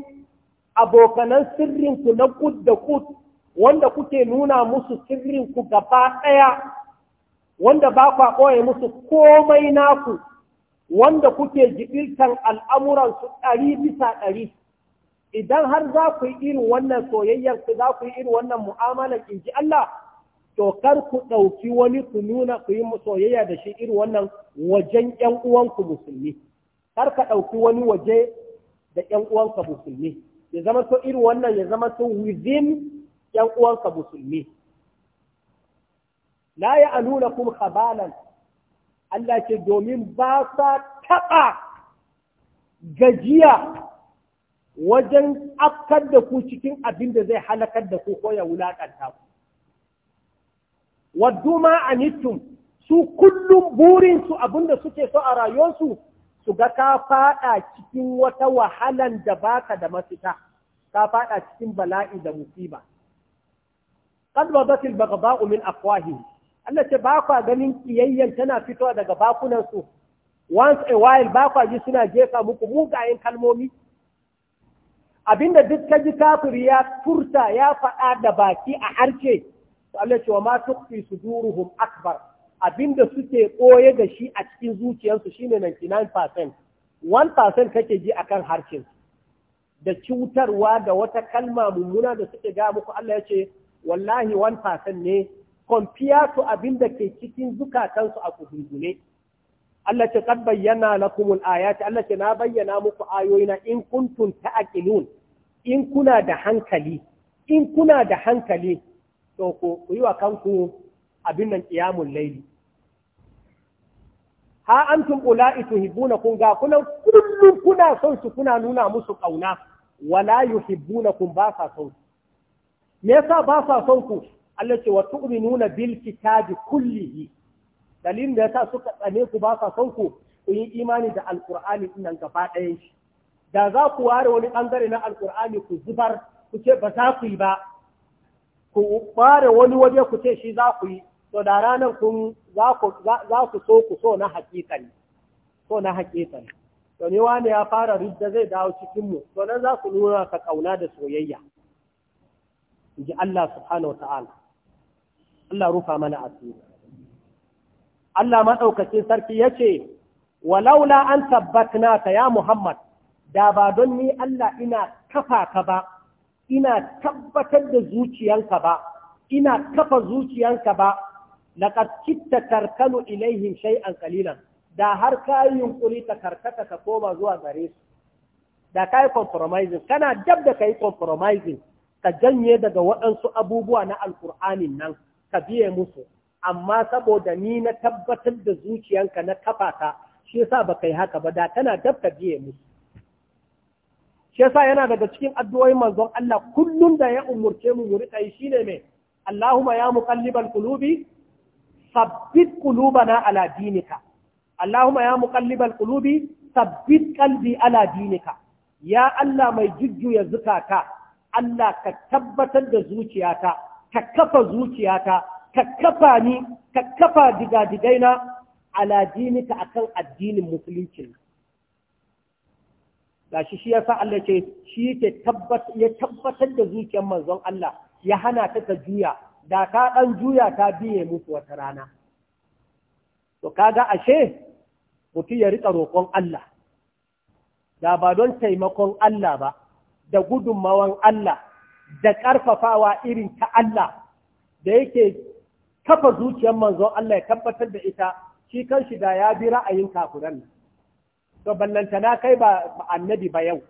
abokanan sirrinku na kud da kud wanda kuke nuna musu sirrinku gaba ɗaya wanda ba kwa ɓoye musu komai naku wanda kuke jibiltan al'amuransu ɗari bisa ɗari idan har za ku yi irin wannan soyayyar ku za ku yi irin wannan mu’amala in ji Allah to kar ku ɗauki wani ku nuna ku yi soyayya da shi irin wannan wajen ‘yan uwanku musulmi kar ka ɗauki wani waje da ‘yan uwanka musulmi ya zama so irin wannan ya zama so within ‘yan uwanka musulmi la ya anuna kuma khabalan Allah ce domin ba sa taɓa gajiya wajen afkar da ku cikin abin da zai halakar da ku ko ya wulaƙanta ku. Waddu ma anittum su kullum burinsu abin da suke so a rayuwarsu su ga ka faɗa cikin wata wahalan da baka da mafita, ka faɗa cikin bala'i da musiba. Qad batil baghdha'u min Allah ce ba kwa ganin kiyayyen tana fitowa daga bakunansu once a while ba kwa ji suna jefa muku mugayen kalmomi abinda duk ka ji kafir ya furta ya faɗa da baki a harce to Allah ce wa ma tukfi suduruhum akbar abinda suke koye da shi a cikin zuciyarsu shine 99% 1% kake ji akan harcin da cutarwa da wata kalma mummuna da suke ga muku Allah ya ce wallahi 1% ne Kwamfiya su abin da ke cikin zukatansu a kudurgune Allah ce kan bayyana lakum al-ayati Allah ce na bayyana muku ayoyi na in kuntum ta'qilun in kuna da hankali in kuna da hankali to ku yi wa kanku abin nan qiyamul layli ha antum ula'i tuhibbunakum ga kullum kullum kuna son su kuna nuna musu ƙauna, wala yuhibbunakum ba sa son me yasa ba sa son ku Allah ce wa tu'minuna bil kitabi kullihi dalilin da yasa suka tsane ku ba sa son ku ku yi imani da alqur'ani nan gaba ɗayan shi da za ku ware wani bangare na alqur'ani ku zubar ku ce ba za ku yi ba ku ware wani waje ku ce shi za ku yi to da ranar kun za ku so ku so na hakikani so na ne wani ya fara ridda zai dawo cikin mu to nan za ku nuna ka kauna da soyayya in Allah subhanahu Allah rufa mana asiri Allah maɗaukacin sarki ya ce walaula an tabbatna ta ya Muhammad da ba don ni Allah ina kafa ka ba ina tabbatar da zuciyanka ba ina kafa zuciyanka ba laqad kitta tarkanu ilaihim shay'an qalilan da har ka yunkuri ta karkata ka koma zuwa gare su da yi compromising kana dab da yi compromising ka janye daga waɗansu abubuwa na Alkur'ani nan ka biye musu amma saboda ni na tabbatar da zuciyanka na kafa ka shi yasa ba kai haka ba da tana dab ka biye musu shi yasa yana daga cikin addu'o'in manzon Allah kullum da ya umurce mu mu rika yi shine me Allahumma ya muqallibal qulubi sabbit qulubana ala dinika Allahumma ya muqallibal qulubi sabbit qalbi ala dinika ya Allah mai jujjuya zukata Allah ka tabbatar da zuciyata ka kafa zuciyata ka kafa ni ka kafa digadigaina ala dinika akan addinin musulunci Ga shi yasa Allah ce shi ke ya tabbatar da zuciyar manzon Allah ya hana ta ta juya da ka dan juya ta biye musu wata rana to kaga ashe mutum ya rika roƙon Allah da ba don taimakon Allah ba da gudunmawan Allah da ƙarfafawa irin ta Allah da yake kafa zuciyar manzon Allah ya tabbatar da ita shi kanshi da ya bi ra'ayin kafiran to ballanta na kai ba annabi ba yau.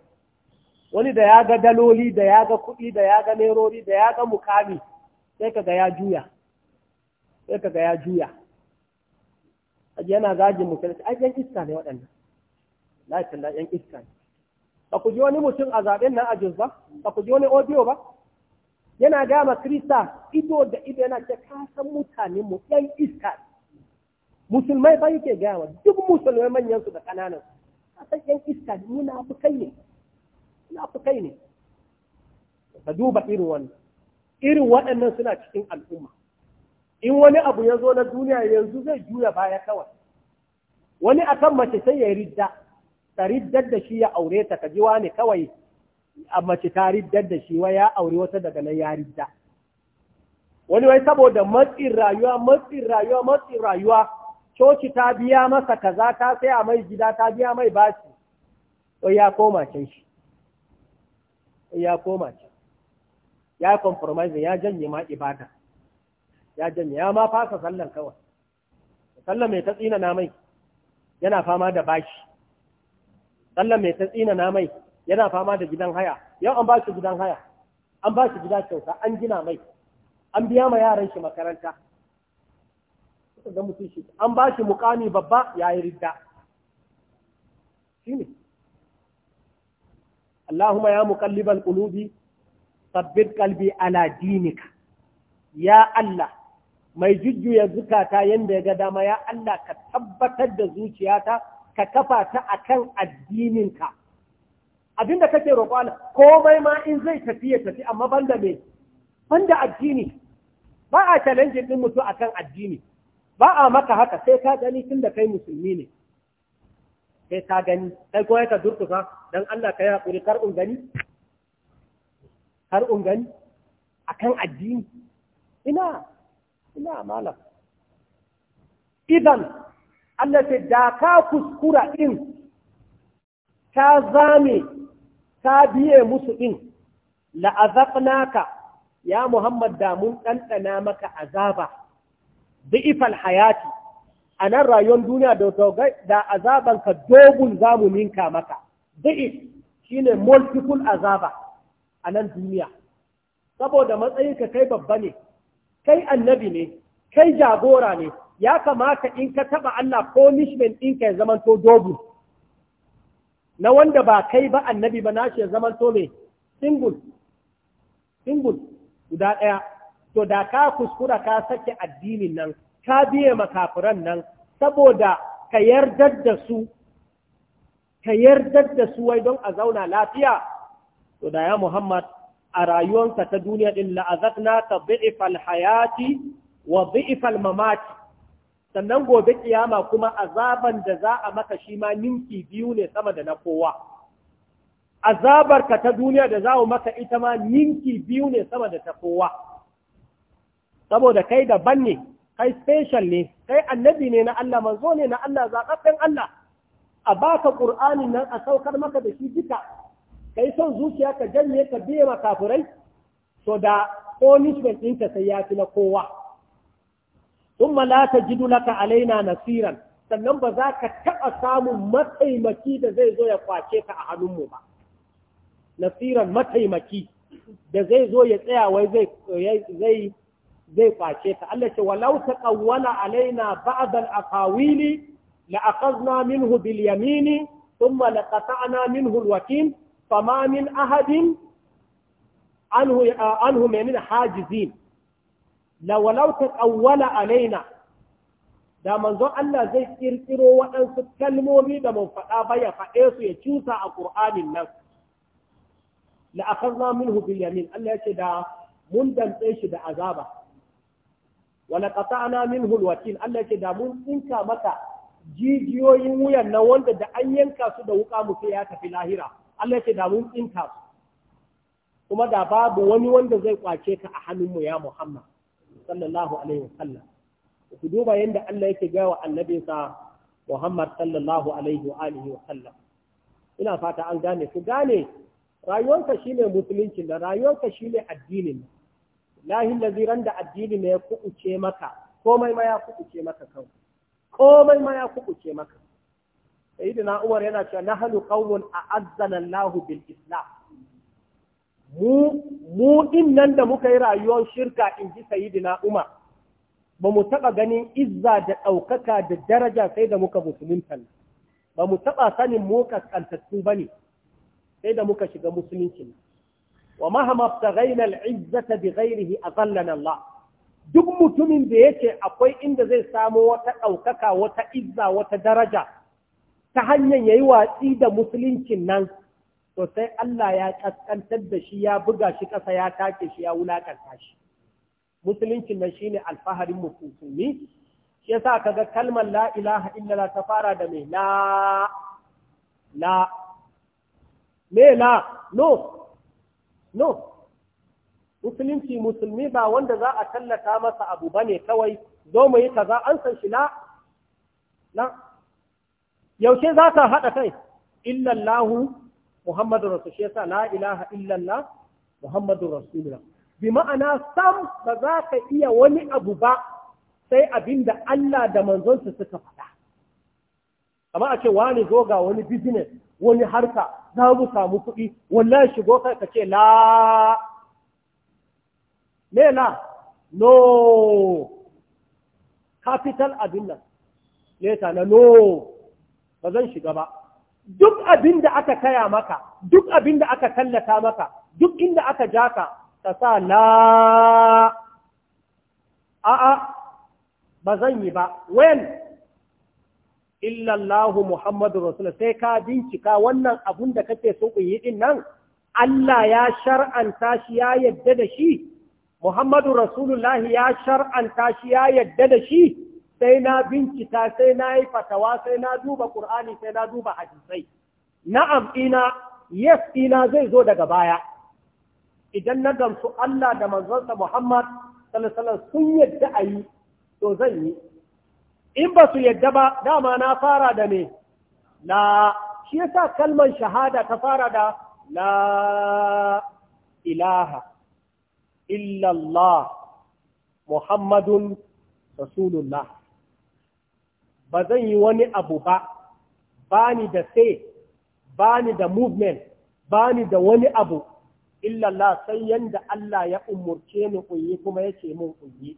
Wani da ya ga daloli, da ya ga kuɗi, da ya ga lerori da ya ga mukami, sai ka ga ya juya. Sai ka ga ya juya. Yana zagin mutane, ai yan iska ne waɗannan. Lafiya yan iska ne. Ba ku ji wani mutum a zaɓen nan a Jos ba? Ba ku ji wani audio ba? yana gama krista ido da ido yana ce ka san mutanen mu ɗan iska musulmai fa yake gama duk musulmai manyan su da kananan ka san ɗan iska munafukai ne kai ne ka duba irin wannan irin waɗannan suna cikin al'umma in wani abu ya zo na duniya yanzu zai juya baya kawai wani akan mace sai ya ridda ta riddar da shi ya aure ta ka ji wani kawai a mace ta riddar da shi wai ya aure wata daga nan ya ridda wani wai saboda matsin rayuwa matsin rayuwa matsin rayuwa coci ta biya masa kaza ta sai a mai gida ta biya mai bashi wai ya koma can shi ya koma can ya compromise ya janye ma ibada ya janye ya ma fasa sallan kawai sallan mai ta tsina na mai yana fama da bashi sallan mai ta tsina na mai yana fama da gidan haya yau an ba shi gidan haya an ba shi gida kyauta an gina mai an biya ma yaran shi makaranta shi an ba shi mukami babba ya yi ridda shine Allahumma ya muqallibal qulubi sabbin qalbi ala dinika ya Allah mai jujjuya zukata yanda ya ga dama ya Allah ka tabbatar da zuciyata ka kafa ta akan addininka abinda kake roƙo Allah komai ma in zai tafi ya tafi amma banda me banda addini ba a challenge din mutu akan addini ba a maka haka sai ka gani tun da kai musulmi ne sai ka gani sai ko ka durkusa dan Allah ka hakuri kar un gani kar un gani akan addini ina ina malam idan Allah sai da ka kuskura din ta zame ka biye musu din la'azaqnaka ya Muhammad da mun ɗanɗana maka azaba bi'ifal hayati a nan rayuwar duniya da azabanka dogun zamu ninka maka shi shine multiple azaba a nan duniya saboda matsayinka kai babba ne kai annabi ne kai jagora ne ya kamata in ka taɓa Allah punishment ɗinka ya zamanto dogun na wanda ba kai ba annabi ba shi ya zaman to mai Singul singul guda ɗaya to da ka kuskura ka sake addinin nan ka biye makafiran nan saboda ka yardar da su ka yardar da su wai don a zauna lafiya to da ya Muhammad a rayuwarsa ta duniya din la'azatna ta bi'ifal hayati wa bi'ifal mamati sannan gobe kiyama kuma azaban da za a maka shi ma ninki biyu ne sama da na kowa azabar ka ta duniya da za a maka ita ma ninki biyu ne sama da ta kowa saboda kai daban ne kai special ne kai annabi ne na Allah manzo ne na Allah zaɓaɓɓen Allah a baka Qur'ani nan a saukar maka da shi duka kai son zuciya ka janye ka biye ma kafirai so da punishment ɗinka sai ya fi na kowa thumma la tajidu laka alaina nasiran sannan ba za ka taɓa samun mataimaki da zai zo ya kwace ka a hannunmu ba nasiran mataimaki da zai zo ya tsaya wai zai zai kwace ta Allah ce walau taqawwala alaina ba'd Akawili, aqawili la akhadna minhu bil yamini thumma la qata'na minhu al-watin fama min ahadin anhu anhu min hajizin la ta taqawwala alaina da manzon Allah zai kirkiro waɗansu kalmomi da mun faɗa ba ya faɗe su ya cusa a Qur'anin nan la akhadna minhu bil yamin Allah yace da mun dantse shi da azaba wa la qata'na minhu al Allah yace da mun tsinka maka jijiyoyin wuyan nan wanda da an yanka su da wuka muke ya tafi lahira Allah yace da mun tsinka kuma da babu wani wanda zai kwace ka a mu ya Muhammad sallallahu alaihi wasallam ku duba yadda Allah yake wa annabinsa Muhammad sallallahu alaihi wa alihi wa sallam ina fata an gane ku gane rayuwarka shine musulunci da rayuwarka shine addinin lahi laziran da addini ne ya kubuce maka komai ma ya kubuce maka kan komai ma ya kubuce maka sayyidina Umar yana cewa nahnu qaumun a'azzana Allahu bil Islam mu mu din nan da muka yi rayuwar shirka in ji sayidina Umar ba mu taɓa ganin izza da ɗaukaka da daraja sai da muka musulunta ba mu taɓa sanin mu kaskantattu ba ne sai da muka shiga musulunci wa mahama tagaina al'izzata bi a Allah duk mutumin da yake akwai inda zai samo wata ɗaukaka wata izza wata daraja ta hanyar yayi watsi da musuluncin nan to sai Allah ya kaskantar da shi ya buga shi ƙasa ya take shi ya wulakanta shi musulunci nan shine alfaharin musulmi shi yasa kaga kalmar la ilaha illallah ta fara da me la la me la no no musulunci musulmi ba wanda za a tallata masa abu bane kawai zo mu yi kaza an san shi la la yaushe za ka haɗa kai illallahu Muhammadu Rasul shi yasa la ilaha illallah Muhammadu Rasulullah bi ma'ana sam ba za ka iya wani abu ba sai abin da Allah da manzonsa suka faɗa amma a ce wani zo ga wani business wani harka za mu samu kuɗi wallahi shigo kai ka ce la me la no capital abin nan leta na no ba zan shiga ba duk abin da aka kaya maka duk abin da aka tallata maka duk inda aka ja ka ka sa a'a ba zan yi ba when illallahu muhammadu rasul sai ka bincika wannan abun da kake so ku yi ɗin nan Allah ya shar'anta shi ya yadda da shi Muhammadu Rasulullahi ya shar'anta shi ya yadda da shi sai na bincika sai na yi fatawa sai na duba ƙur'ani sai na duba hadisai na'am ina yes ina zai zo daga baya idan na gamsu Allah da manzonsa Muhammad sallallahu sun yadda a yi to zan yi in ba su yadda ba dama na fara da me la shi yasa kalmar shahada ta fara da la ilaha illallah muhammadun rasulullah ba zan yi wani abu ba ba ni da sai ba ni da movement ba ni da wani abu illallah sai yanda Allah ya umurce ni kunyi kuma ya ce mun kunyi.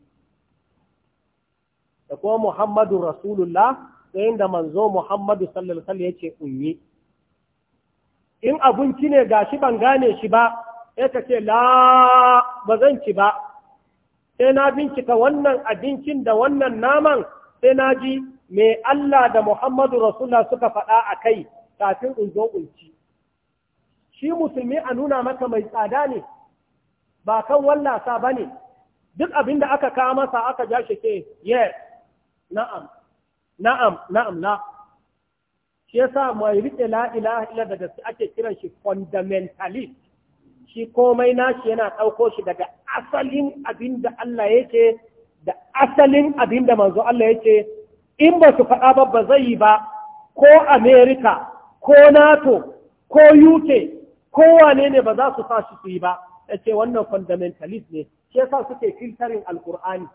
da kuma Muhammadu Rasulullah sai yanda manzo Muhammadu sallallahu ya ce kunyi. in abinci ne ga shi ban gane shi ba ya ka ce la ba zan ci ba sai na bincika wannan abincin da wannan naman sai na ji me Allah da Muhammadu Rasulullah suka faɗa a kai kafin in zo unci. Shi musulmi a nuna maka mai tsada ne, ba kan wallasa ba ne, duk abin da aka kawo masa aka ja shi ke, yes, na'am, na'am, na'am, na. Shi yasa mai riƙe la'ila ila da gaske ake kiran shi fundamentalist, shi komai nashi yana ɗauko shi daga asalin abin da Allah yake da asalin abin da manzo Allah yake in ba su faɗa ba ba zai yi ba ko amerika ko nato ko uk ko wane ne ba za su sa shi su yi ba ya ce wannan fundamentalist ne Ke sa suke filtarin alkur'ani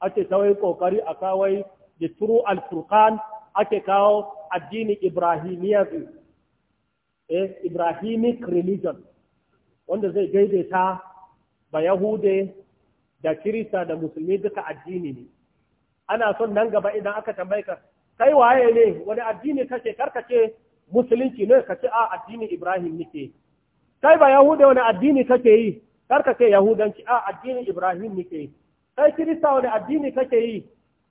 ake kawai kokari a kawai da turu alfurkan ake kawo addini ibrahimiyya eh ibrahimic religion wanda zai ta ba yahude da kirista da musulmi duka addini ne ana son nan gaba idan aka tambaye ka kai waye ne wani addini kace karkace musulunci ne kace a addini Ibrahim nake kai ba yahuda wani addini kake yi karkace yahudanci a addini Ibrahim nake kai kirista wani addini kake yi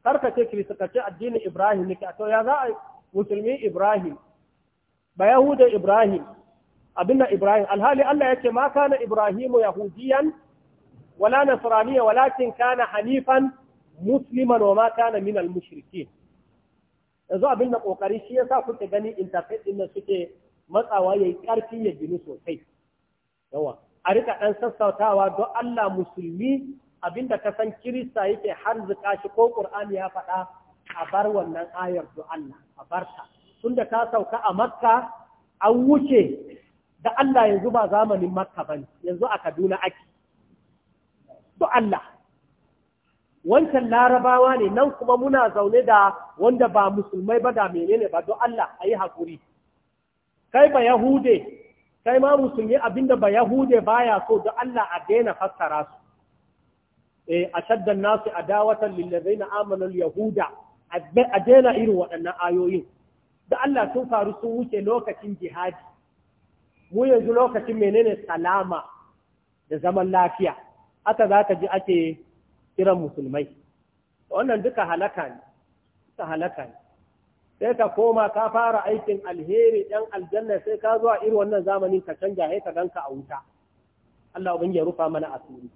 karkace kirista kace addini Ibrahim nake to ya za a musulmi Ibrahim ba yahuda Ibrahim abinda Ibrahim alhali Allah yake ma kana Ibrahimu yahudiyan wala nasraniya walakin kana hanifan musliman wa ma kana min al-mushrikin yanzu abin da kokari shi yasa kuke gani interface din suke matsawa yayi karfi ya ginu sosai yawa a rika dan sassautawa don Allah musulmi abinda ka san kirista yake harzika shi ko qur'ani ya faɗa a bar wannan ayar don Allah a barta tunda ka sauka a makka an wuce da Allah yanzu ba zamanin makka bane yanzu a Kaduna ake to Allah wancan larabawa ne nan kuma muna zaune da wanda ba musulmai ba da menene ba don Allah a yi haƙuri kai ba yahude kai ma musulmi abinda ba yahude ba ya so don Allah a daina fassara su eh, A ashaddan nasu a adawatan na amanu yahuda a daina irin waɗannan ayoyin da Allah sun faru sun wuce lokacin jihadi mu yanzu lokacin menene salama da zaman lafiya aka za ka ji ake kiran musulmai wannan duka halaka ne duka halaka ne sai ka koma ka fara aikin alheri ɗan aljanna sai ka zuwa irin wannan zamanin ka canja sai ka ganka a wuta Allah ubin ya rufa mana asiri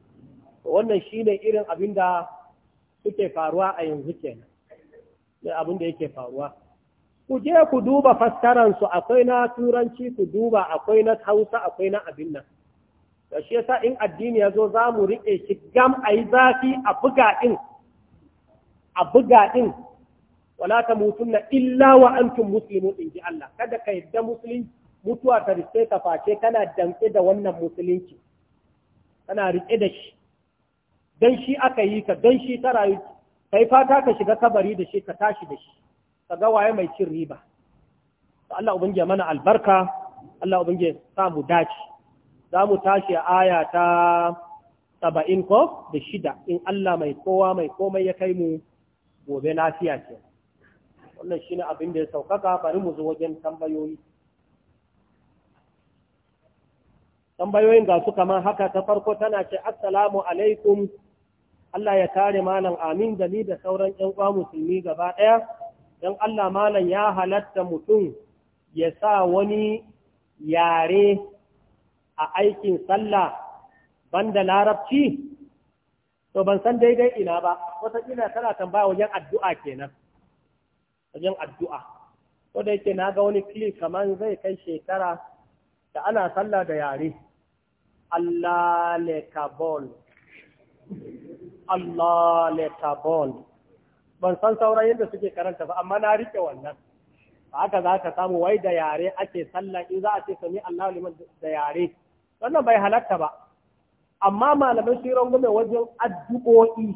wannan shine irin abin da suke faruwa a yanzu kenan abin da yake faruwa ku je ku duba su akwai na turanci ku duba akwai na hausa akwai na abin nan da shi yasa in addini ya zo za mu riƙe shi gam a yi zafi a buga ɗin a buga ɗin wala ta mutunna illa wa antum muslimun in ji Allah kada ka yadda musulunci mutuwa ta rike ka face kana danƙe da wannan musulunci kana riƙe da shi don shi aka yi ka don shi ta rayu kai fata ka shiga kabari da shi ka tashi da shi ka ga waye mai cin riba Allah ubangiji mana albarka Allah ubangiji samu dace za mu tashi aya ta saba'in ko da shida in Allah mai kowa mai komai ya kai mu gobe lafiya ce wannan shi ne abin da ya saukaka bari mu zo wajen tambayoyi tambayoyin ga su kamar haka ta farko tana ce assalamu alaikum Allah ya kare malam amin da ni da sauran 'yan uwa musulmi gaba ɗaya don Allah malam ya halatta mutum ya sa wani yare a aikin sallah banda larabci to ban san daidai ina ba wata ina tana tambaya wajen addu'a kenan wajen addu'a ko da yake na ga wani kili kamar zai kai shekara da ana sallah da yare Allah le kabol Allah le kabol ban san sauran yadda suke karanta ba amma na rike wannan haka za ka samu wai da yare ake sallah in za a ce sami Allah liman da yare wannan bai halatta ba amma malamai su yi wajen addu'o'i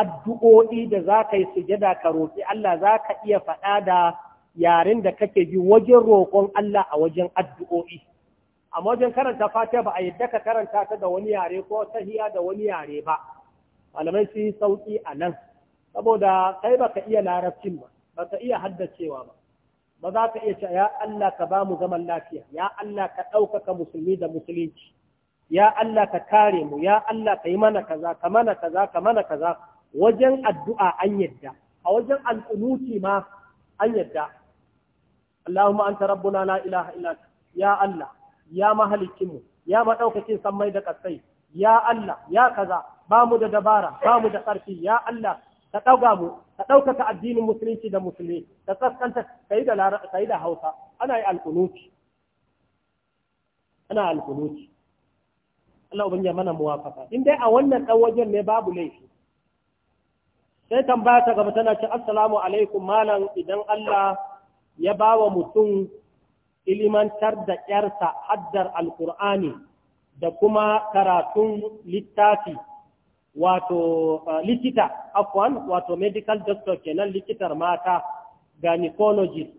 addu'o'i da za ka yi sujada ka roƙi Allah za ka iya faɗa da yaren da kake ji wajen roƙon Allah a wajen addu'o'i amma wajen karanta fata ba a yadda ka karanta ta da wani yare ko hiya da wani yare ba malamai su yi sauƙi a nan saboda kai baka iya larabcin ba baka iya haddacewa ba ba za ka iya cewa ya Allah ka ba mu zaman lafiya ya Allah ka ɗaukaka musulmi da musulunci ya Allah ka kare mu ya Allah ka yi mana kaza ka mana kaza ka mana kaza wajen addu'a an yadda a wajen alƙunuti ma an yadda Allahumma anta rabbuna la ilaha illa ya Allah ya mahalikin mu ya madaukakin sammai da ƙasai. ya Allah ya kaza ba mu da dabara ba mu da ƙarfi ya Allah ka ɗauka mu ka ɗaukaka addinin musulunci da musulmi ka kaskanta kai da kai da Hausa ana yi alƙunuti ana alƙunuti Allah ubangiji mana muwafaka in dai a wannan dan wajen ne babu laifi sai tambaya ta gaba tana ce assalamu alaikum malam idan Allah ya bawa mutum ilimantar da ƴarsa haddar alƙur'ani da kuma karatun littafi wato uh, likita afwan wato medical doctor kenan likitar mata gynecologist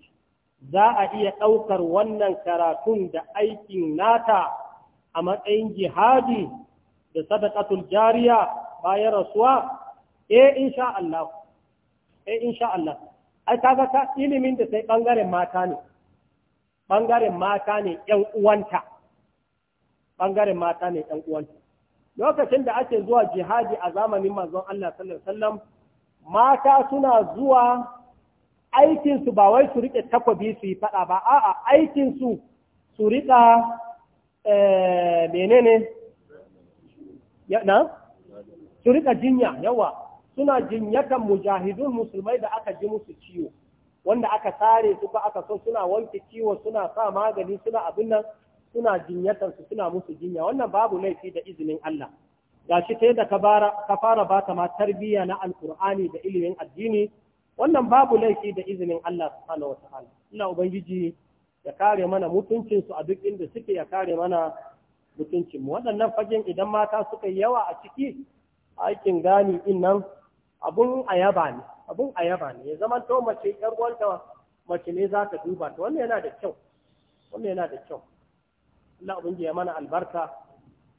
za a iya ɗaukar wannan karatun da aikin nata a matsayin jihadi da sadaqatul jariya bayan rasuwa eh insha Allah eh insha Allah ai kaga ta ilimin da sai bangaren mata ne bangaren mata ne ƴan uwanta bangaren mata ne ƴan uwanta lokacin da ake zuwa jihadi a zamanin manzon Allah sallallahu alaihi mata suna zuwa aikinsu ba wai su riƙe takwabi su yi faɗa ba a'a aikinsu su riƙa eh, menene su riƙa jinya yawa suna jinyatan mujahidun musulmai da aka ji musu ciwo wanda aka sare su ko aka so suna wanke ciwo suna sa magani suna abin nan suna jinyatar suna musu jinya wannan babu laifi da izinin Allah gashi ta da ka fara ba ta ma tarbiyya na alkur'ani da ilimin addini wannan babu laifi da izinin Allah subhanahu wataala ina ubangiji ya kare mana mutuncin su a duk inda suke ya kare mana mutuncin mu waɗannan fagen idan mata suka yawa a ciki aikin gani din nan abun ayaba ne abun ayaba ne ya zama to mace yar uwanta mace ne za ta duba to wannan yana da kyau wannan yana da kyau Allah ubangiji ya mana albarka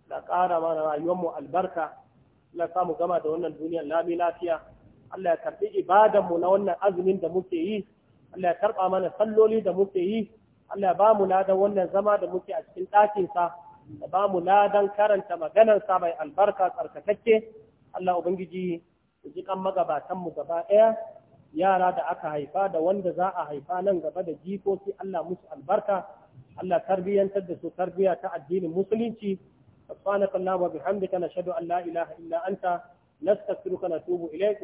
da ƙara mana rayuwar mu albarka Allah samu gama da wannan duniyar lami lafiya Allah ya karbi ibadan mu na wannan azumin da muke yi Allah ya karba mana salloli da muke yi Allah ya ba mu ladan wannan zama da muke a cikin ɗakin sa ya ba mu ladan karanta maganar sa mai albarka tsarkakakke Allah ubangiji ya ji kan magabatan mu gaba ɗaya yara da aka haifa da wanda za a haifa nan gaba da jikoki Allah musu albarka Allah tarbiyyantar da su tarbiya ta addinin musulunci subhanakallahumma wa bihamdika nashhadu an la ilaha illa anta nastaghfiruka wa natubu ilayk